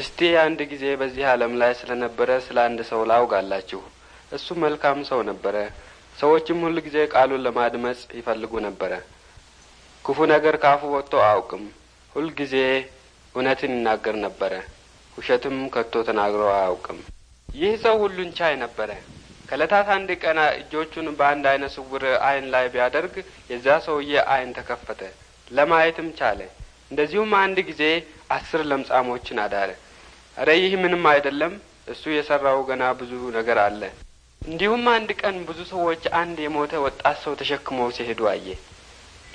እስቲ አንድ ጊዜ በዚህ ዓለም ላይ ስለ ነበረ ስለ አንድ ሰው ላውጋላችሁ። እሱ መልካም ሰው ነበረ። ሰዎችም ሁል ጊዜ ቃሉን ለማድመጽ ይፈልጉ ነበረ። ክፉ ነገር ካፉ ወጥቶ አያውቅም። ሁል ጊዜ እውነትን ይናገር ነበረ። ውሸትም ከቶ ተናግሮ አያውቅም። ይህ ሰው ሁሉን ቻይ ነበረ። ከእለታት አንድ ቀን እጆቹን በአንድ አይነ ስውር አይን ላይ ቢያደርግ የዚያ ሰውዬ አይን ተከፈተ፣ ለማየትም ቻለ። እንደዚሁም አንድ ጊዜ አስር ለምጻሞችን አዳረ። እረ ይህ ምንም አይደለም፣ እሱ የሰራው ገና ብዙ ነገር አለ። እንዲሁም አንድ ቀን ብዙ ሰዎች አንድ የሞተ ወጣት ሰው ተሸክመው ሲሄዱ አየ።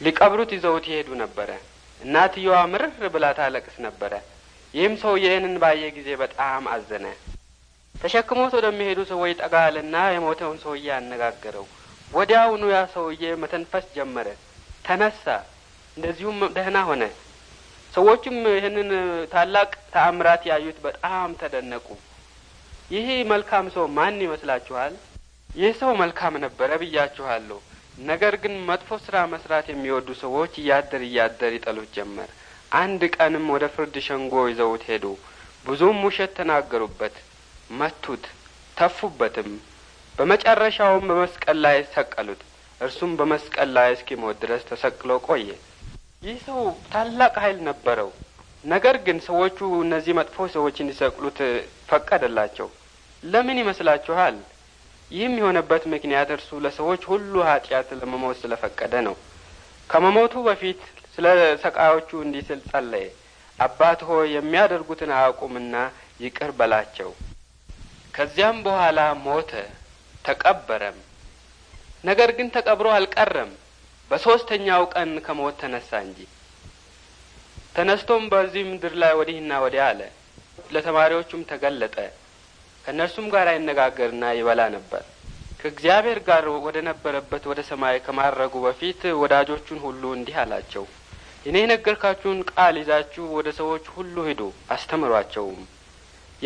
ሊቀብሩት ይዘውት ይሄዱ ነበረ። እናትየዋ ምርር ብላ ታለቅስ ነበረ። ይህም ሰው ይህንን ባየ ጊዜ በጣም አዘነ። ተሸክሞት ወደሚሄዱ ሰዎች ጠጋልና የሞተውን ሰውዬ አነጋገረው። ወዲያውኑ ያ ሰውዬ መተንፈስ ጀመረ፣ ተነሳ፣ እንደዚሁም ደህና ሆነ። ሰዎችም ይህንን ታላቅ ተአምራት ያዩት በጣም ተደነቁ። ይህ መልካም ሰው ማን ይመስላችኋል? ይህ ሰው መልካም ነበረ ብያችኋለሁ። ነገር ግን መጥፎ ስራ መስራት የሚወዱ ሰዎች እያደር እያደር ይጠሉት ጀመር። አንድ ቀንም ወደ ፍርድ ሸንጎ ይዘውት ሄዱ። ብዙም ውሸት ተናገሩበት፣ መቱት፣ ተፉበትም። በመጨረሻውም በመስቀል ላይ ሰቀሉት። እርሱም በመስቀል ላይ እስኪሞት ድረስ ተሰቅሎ ቆየ። ይህ ሰው ታላቅ ኃይል ነበረው። ነገር ግን ሰዎቹ እነዚህ መጥፎ ሰዎች እንዲሰቅሉት ፈቀደላቸው። ለምን ይመስላችኋል? ይህም የሆነበት ምክንያት እርሱ ለሰዎች ሁሉ ኃጢአት ለመሞት ስለፈቀደ ነው። ከመሞቱ በፊት ስለ ሰቃዮቹ እንዲህ ሲል ጸለየ። አባት ሆይ የሚያደርጉትን አያውቁምና ይቅር በላቸው። ከዚያም በኋላ ሞተ፣ ተቀበረም። ነገር ግን ተቀብሮ አልቀረም። በሶስተኛው ቀን ከሞት ተነሳ እንጂ። ተነስቶም በዚህ ምድር ላይ ወዲህና ወዲያ አለ። ለተማሪዎቹም ተገለጠ። ከእነርሱም ጋር ይነጋገርና ይበላ ነበር። ከእግዚአብሔር ጋር ወደ ነበረበት ወደ ሰማይ ከማረጉ በፊት ወዳጆቹን ሁሉ እንዲህ አላቸው። እኔ የነገርካችሁን ቃል ይዛችሁ ወደ ሰዎች ሁሉ ሂዱ፣ አስተምሯቸውም።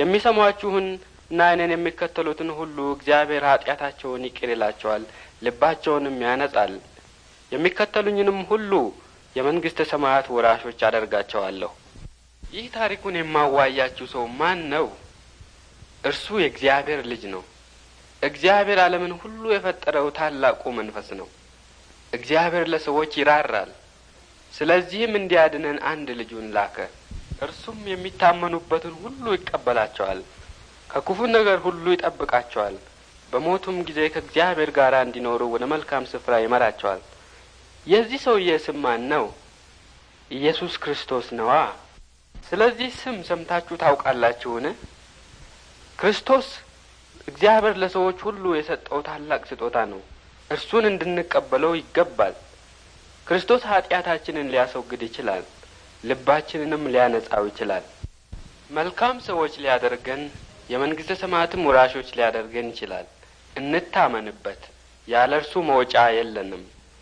የሚሰሟችሁን እና እኔን የሚከተሉትን ሁሉ እግዚአብሔር ኃጢአታቸውን ይቅር ይላቸዋል፣ ልባቸውንም ያነጻል የሚከተሉኝንም ሁሉ የመንግስተ ሰማያት ወራሾች አደርጋቸዋለሁ። ይህ ታሪኩን የማዋያችሁ ሰው ማን ነው? እርሱ የእግዚአብሔር ልጅ ነው። እግዚአብሔር ዓለምን ሁሉ የፈጠረው ታላቁ መንፈስ ነው። እግዚአብሔር ለሰዎች ይራራል። ስለዚህም እንዲያድነን አንድ ልጁን ላከ። እርሱም የሚታመኑበትን ሁሉ ይቀበላቸዋል፣ ከክፉ ነገር ሁሉ ይጠብቃቸዋል፣ በሞቱም ጊዜ ከእግዚአብሔር ጋር እንዲኖሩ ወደ መልካም ስፍራ ይመራቸዋል። የዚህ ሰውዬ ስም ማን ነው? ኢየሱስ ክርስቶስ ነዋ። ስለዚህ ስም ሰምታችሁ ታውቃላችሁን? ክርስቶስ እግዚአብሔር ለሰዎች ሁሉ የሰጠው ታላቅ ስጦታ ነው። እርሱን እንድንቀበለው ይገባል። ክርስቶስ ኃጢአታችንን ሊያስወግድ ይችላል። ልባችንንም ሊያነጻው ይችላል። መልካም ሰዎች ሊያደርገን፣ የመንግስተ ሰማያትም ወራሾች ሊያደርገን ይችላል። እንታመንበት። ያለ እርሱ መውጫ የለንም።